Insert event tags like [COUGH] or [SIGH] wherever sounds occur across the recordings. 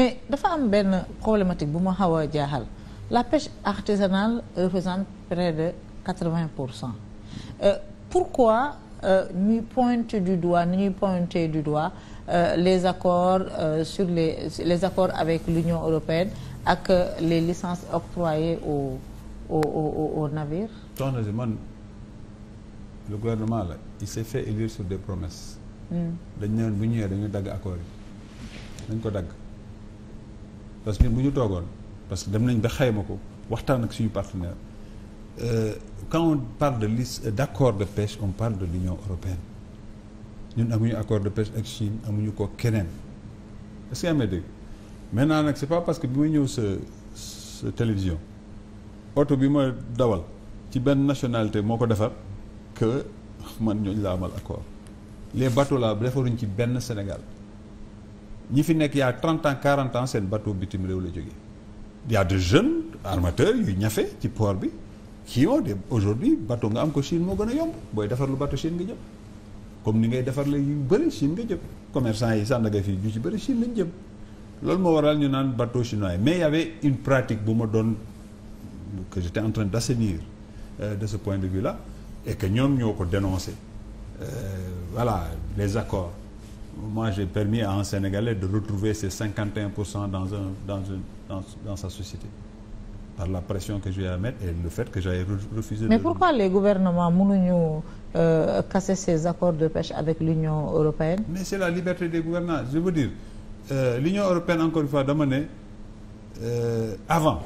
mais dafa am benn problématique bu ma xaw a jaaxal la pêche artisanale représente près de quatre-vingts pour cent euh, pourquoi ñuy euh, pointe du doigt ni ñuy du doigt euh, les accords euh, sur les les accords avec l'Union européenne ak euh, les licences octroyées au aux aux aux navires. soxna si man le gouvernement la il s'est fait élire sur des promesses. Hmm. dañ ne bu ñëwee dañu dagg accords yi dañ ko dagg. parce que bu ñu toogoon parce que dem nañ ba xayma ko waxtaan ak suñu partenaire euh, quand on parle de liste euh, d'accord de pêche on parle de l'Union européenne ñun amuñu accord de pêche ak Chine amuñu ko keneen est-ce nag c'est parce que bi may ñëw sa sa télévision oto bi ma dawal ci benn nationalité moo ko defar que man ñooñ laa amal accord les bateaux là defaruñ ci benn Sénégal ñi fi nekk y a 30 ans 40 ans seen bateau bitim réew la jógee y a des jeunes yu ñafe ci port bi qui ont des aujourd'hui bateau nga am ko Chine moo gën a yomb booy defar lu bateau Chine nga jëm comme ni ngay defar la yu bëri Chine nga jëm commerçant yi fii ju ci bëri Chine lañ jëm loolu moo waral ñu naan bateau chinois mais y avait une pratique bu ma doon que j'étais en train d'assainir euh, de ce point de vue là et que ñoom ñoo ko dénoncé euh, voilà les accords moi j'ai permis à un Sénégalais de retrouver ses 51 pour cent dans un dans sa société par la pression que je vais à mettre et le fait que j'avais refusé de pourquoi les gouvernements mënuñu euh, casser ces de pêche avec l'Union européenne mais c'est la liberté des gouvernements je veux dire euh, l'Union européenne encore une fois dama ne euh, avant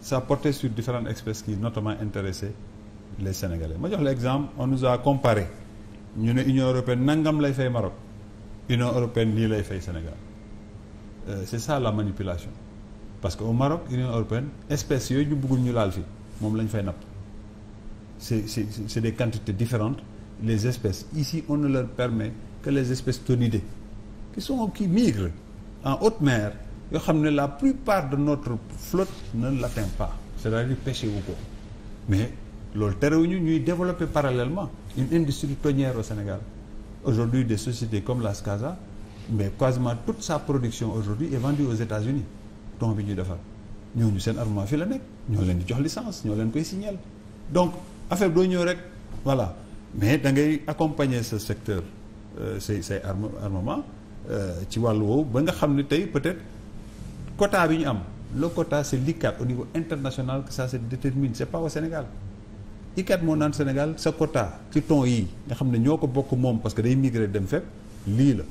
ça portait sur différentes espèces qui notamment intéressaient les Sénégalais ma jox l'exemple on nous a comparé ñu ne Union européenne nangam lay fay Maroc Union européenne nii lay fay Sénégal euh, c'est ça la manipulation parce que au Maroc Union européenne espèces yooyu ñu bëggul ñu laal fi moom la fay napp c'est c'est des quantités différentes les espèces ici on ne leur permet que les espèces tonidées qui sont qui migrent en haute mer yoo xam ne la plupart de notre flotte ne l'atteint pas c'est-à-dire pêché wu ko mais loolu terewuñu ñuy développer parallèlement une industrie tonnière au Sénégal aujourd'hui des sociétés comme la Scasa mais quasiment toute sa production aujourd'hui est vendue aux États-Unis ton bi ñuy defar ñu seen armement fi la nekk ñoo leen di jox licence ñoo leen koy signal donc affaire doo ñëw rek voilà mais da ngay accompagner ce secteur euh, say say arme armement euh, ci wàll woowu ba nga xam ne tey peut-être quota bi ñu am le quota c'est l'ICAT au niveau international que ça se détermine c'est pas Sénégal ICAT moo naan Sénégal sa quota ci ton yi nga xam ne ñoo ko bokk moom parce que day migrer dem fépp lii la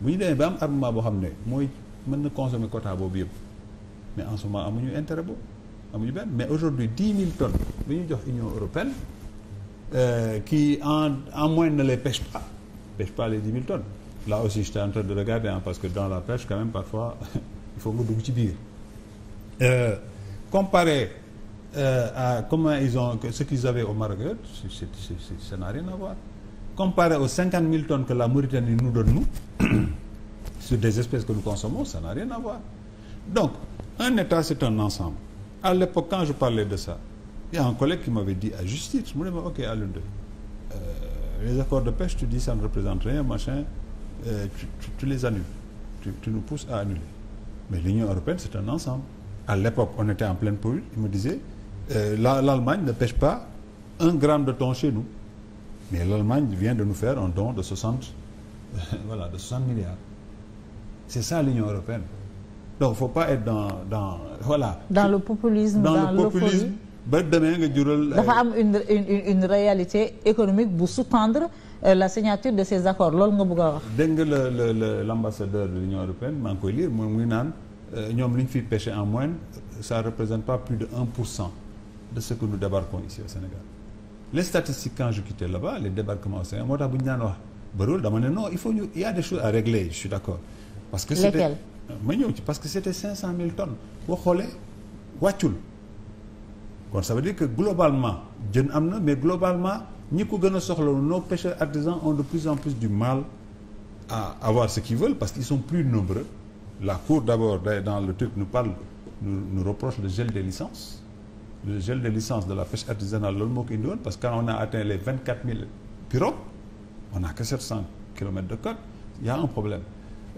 bu ñu demee ba am armement boo xam ne mooy mën na consommer quota boobu yëpp mais en ce amuñu intérêt boobu amuñu benn mais aujourd'hui dix mille tonnes bu ñu jox Union européenne euh, qui en en moyenne ne les pêche pas pêche pas les dix mille tonnes là aussi j'étais en de regarder parce que dans la pêche quand même parfois [LAUGHS] il faut nga dugg ci biir euh, comparé Euh, à comment ils ont ce qu'ils avaient au Maroc c'est n'a rien à voir comparé aux cinquante mille tonnes que la Mauritanie nous donne nous [COUGHS] sur des espèces que nous consommons ça n'a rien à voir donc un État c'est un ensemble à l'époque quand je parlais de ça il y a un collègue qui m'avait dit à juste titre mu ne ma ok Alioune euh, les accords de pêche tu dis ça ne représente rien machin euh, tu, les annules tu, nous pousses à annuler mais l'Union européenne euh, l'Allemagne ne pêche pas un gramme de ton chez nous. Mais l'Allemagne vient de nous faire un don de 60, [LAUGHS] voilà, de 60 milliards. C'est ça l'Union européenne. Donc, il pas être dans, dans, voilà. Dans le populisme, dans, le populisme. ba demee nga jural. Euh, dafa am une une une réalité économique bu sous-tendre euh, la signature de ces accords loolu nga bëgg a wax. dégg nga la la la l'ambassadeur de l'Union européenne maa ngi koy lire moom muy naan euh, ñoom li ñu fiy pêché en moyenne ça représente de 1 pour cent. de ce que nous débarquons ici au Sénégal les statistiques quand je quittais là-bas les débarquements au Sénégal moo tax bu ñu naan wax bëriwul dama ne non il faut ñu il a des choses à régler je suis d'accord. parce que c'était ma ñëw ci parce que c'était 500 000 tonnes boo xoolee wàccul kon ça veut dire que globalement jën am na mais globalement ñi ko gën a soxla nos pêcheurs artisans ont de plus en plus du mal à avoir ce qu'ils veulent parce qu'ils sont plus nombreux la cour d'abord dans le truc nous parle nous, nous reproche le le gel de licence de la pêche artisanale loolu moo ko indiwoon parce que on a atteint les vingt quatre mille pirogues on n'a que sept cent kilomètres de côte il y a problème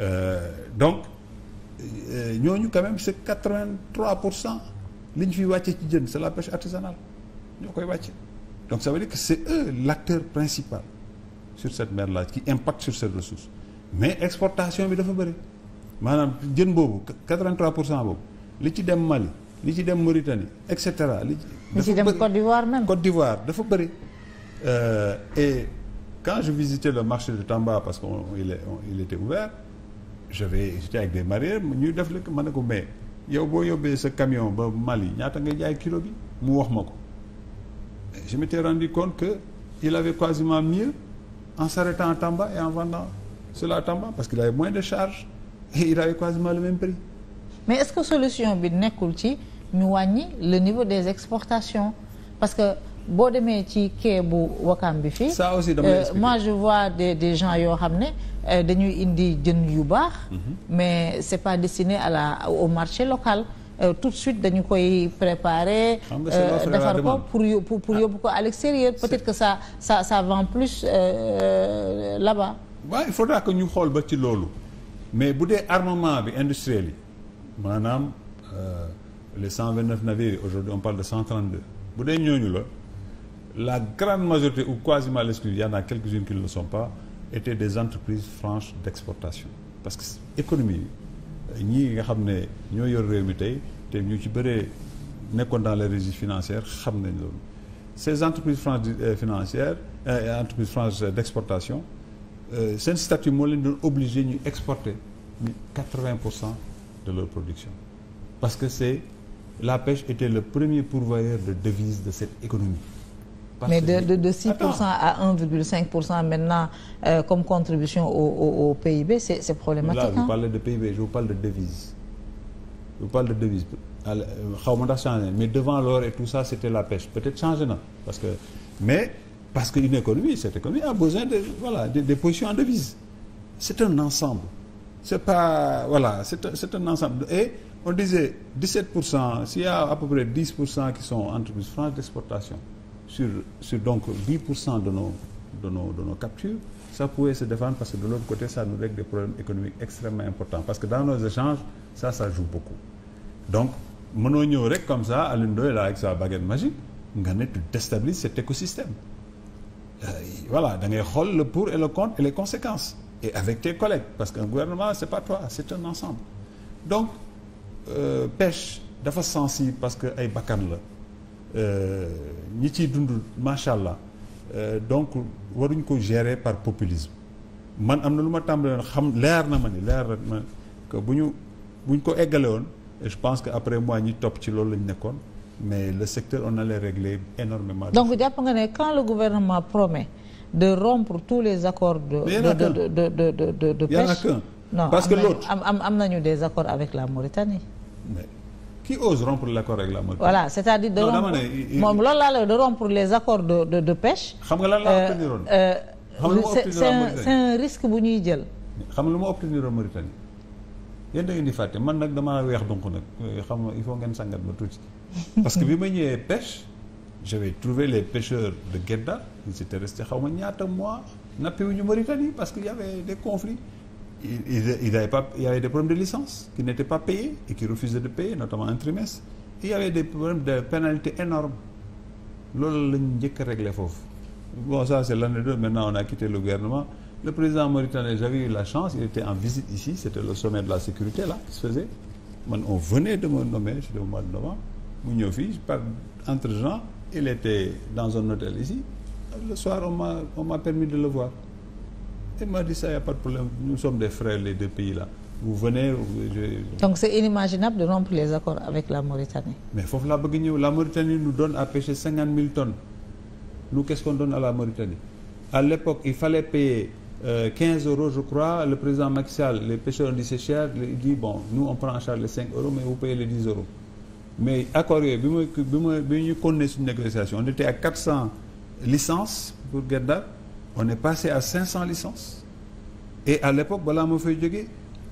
euh, donc euh, ñooñu quand même c'est quatre vingt trois cent li ñu fiy wàccee ci jën c'est la pêche artisanale ñoo koy wàcce donc ça veut dire que c'est l'acteur principal sur cette mer laaj ki impact sur cette ressource mais exportation bi dafa bëri maanaam jën boobu quatre vingt trois pour cent boobu li ci dem Mali li ci dem Mauritanie et cetera. li ci dem Côte d'Ivoire même Côte d'Ivoire dafa bëri. Euh, et quand je visitais le marché de Tamba parce que on, il, on, il était ouvert je vais j'étais avec des mariés ñuy def lépp ma ne ko mais yow boo yóbbee sa camion ba Mali ñaata nga jaay kilo bi mu wax ma ko. je m'étais rendu compte que il avait quasiment mieux en s'arrêtant à Tamba et en vendant cela à parce qu'il avait moins de charge et il avait quasiment le même prix. mais est-ce que solution bi nekkul ci. ñu wàññi le niveau des exportations parce que boo demee ci quai bu Wakam bi fii. ça aussi dama euh, moi je vois des des gens yoo xam ne euh, dañuy indi jën yu baax. Mhm. mais c'est pas destiné à la au marché local. Euh, tout de suite dañu koy préparer euh, defar ko pour yóbbu pour ah. yóbbu ko à l'extérieur peut-être que ça ça ça vend plus euh, là-bas waaw il faudra ñu xool ba ci loolu mais bu dee armement bi industriel yi maanaam les cent vingt neuf navires aujourd'hui on parle de cent trente deux bu dee ñooñu la la grande majorité ou quasiment l'exclusion il y en a quelques-unes qui ne le sont pas étaient des entreprises franches d'exportation parce que économie yi ñii nga xam ne ñoo yor réew mi tey te ñu ci bëree nekkoon dans les régies financières xam nañ loolu ces entreprises franches euh, financières euh, entreprises franches d'exportation euh, seen statut moo leen doon obligé ñu exporter ñu quatre pour cent de leur production parce que c'est la pêche était le premier pourvoyeur de devises de cette économie. Parce mais de à 1,5 pour cent maintenant euh, comme contribution au au au PIB c'est c'est problématique. Là, vous parlez de PIB je vous parle de devises je vous parle de devises euh, xaw ma mais devant l'or et tout ça c'était la pêche peut-être changé na parce que mais parce que une économie cette économie a besoin de voilà des de positions en devises c'est un ensemble c'est pas voilà c'est un ensemble on disait 17 pour cent s'il y a à peu près 10 pour cent qui sont entreprises franches d'exportation sur sur donc 10 pour cent de nos de nos de nos captures ça pouvait se défendre parce que de l'autre côté ça nous règle des problèmes économiques extrêmement importants parce que dans nos échanges ça ça beaucoup donc mënoo ñëw rek comme ça Alioune Ndoye là avec sa baguette magique nga ne tu déstabilises cet écosystème euh, voilà da ngay xool le pour le contre et les conséquences parce qu'un gouvernement c'est pas toi c'est un ensemble donc Euh, pêche dafa sensible parce que ay bakkan la euh, ñi ciy dund macha allah euh, donc waruñ ko gérer par populisme man am na lu ma tàmbalee woon xam leer na ma ni leer na ma bu ñu buñ ko eggale woon je pense que après moi ñi topp ci loolu lañ nekkoon mais le secteur on allait régler énormément donc jàpp nga ne quand le gouvernement promet de rompre tous les accords de de de de de de non parce que l'autre am am am nañu des accords avec la Mauritanie. mais qui ose rompre l'accord avec la Mauritanie. voilà c'est-à-dire de rompre moom loolu laa la de rompre les accords de de de xam nga lan la euh, obteniroon. Euh, xam nga c'est un bu ñuy jël. xam nga lu ma obtenir Mauritanie yéen da ngeen di fàtte man nag damaa weex donc nag xam nga il faut ngeen sangat ma tuuti parce que bi ma ñëwee pêche j'avais trouvé les pêcheurs de Guedda si étaient restés xaw ma ñaata mois nappi Mauritanie parce que y avait ils, ils avaient pas, il y avait des problèmes de licence qui n'étaient pas payés et qui refusaient de payer, notamment un trimestre. il y avait des problèmes de pénalités énormes. loolu la njëkk a réglé foofu. bon ça c'est l'anecdote maintenant on a quitté le gouvernement le président mauritanien j'avais eu la chance il était en visite ici c'était le sommet de la sécurité là qui se faisait man on venait de me nommer je mois de novembre mu ñëw fii par entre gens il était dans un m'a on m'a permis le voir il m'a dit ça y a pas de problème nous sommes des frères les deux pays là vous venez. donc c'est inimaginable de rompre les accords avec la Mauritanie. mais foofu laa bëgg ñëw la Mauritanie nous donne à pêcher cinquante mille tonnes nous qu'est-ce qu'on donne à la Mauritanie à l'époque il fallait payer euh, quinze euh, euros je crois le président Macky Sall les pêcheurs di c'est cher il dit nous on prend en charge les cinq euros mais vous payez les euros mais accords bi ma bi ma bi on est passé à 500 licences et à l'époque balaa moo fay jógee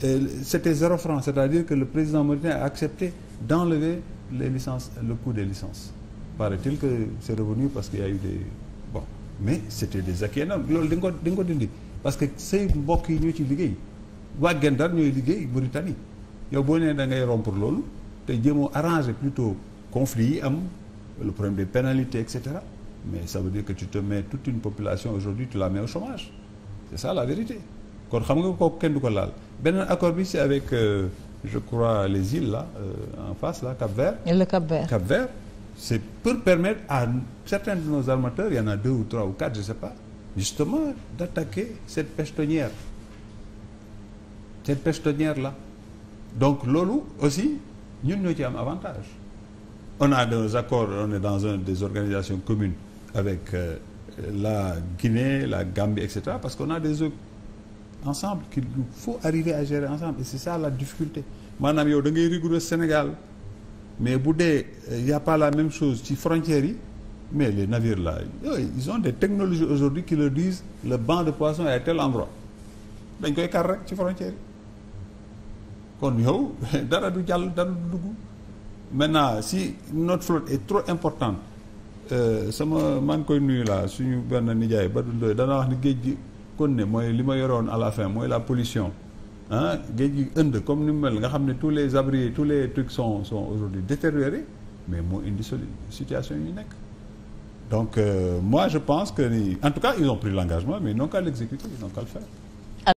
euh, c'était zéro franc c'est-à-dire que le président mauritanien a accepté d'enlever les le coût des licences paraît-il que c'est revenu parce qu'il y a eu des bon mais c'était des acquis énormes loolu di nga ko di nga ko dindi parce que say mbokk yi ñoo ci liggéey wàggeen dal ñooy liggéey Mauritanie yow boo nee da ngay rompre loolu te jéemoo arranger plutôt conflit yi am le problème des pénalités et cetera mais ça veut dire que tu te mets toute une population aujourd'hui tu la mets au chômage c'est ça la vérité kon xam nga ko kenn du ko laal beneen accord bi c'est avec euh, je crois les îles là euh, en face là Cap Vert. le Cap Vert Cap c'est pour permettre à certains de nos armateurs il y en a deux ou trois ou quatre je sais pas justement d'attaquer cette pêche cette pêche tonnière donc loolu aussi ñun ñoo ci am avantage on a des accords on est dans une des organisations avec euh, la Guinée, la Gambie, etc. Parce qu'on a des œufs ensemble qu'il faut arriver à gérer ensemble. Et c'est ça la difficulté. maanaam yow da ngay rigoureux Sénégal mais bu dee euh, y' a pas même chose ci frontières yi mais les navires là ils ont des technologies aujourd'hui qui leur disent le banc de poisson est à tel endroit dañ koy kar rek ci frontières yi kon yow [LAUGHS] dara du jàll dara du dugg maintenant si notre flotte est trop importante Euh, sama maa ngi koy nuyu laa suñu benn nijaay ba dundoo dana wax ni géej gi kon ne mooy li ma yoroon à la fin mooy la polition ah géej gi ënd comme ni mu mel nga xam ne tous les abris tous les trucs sont son aujourd'hui détériorés mais moo indi soli situation yi nekk donc euh, moi je pense que en tout cas ils ont pris l'engagement mais ils n'ont qu'à l'exécuter ils n'ont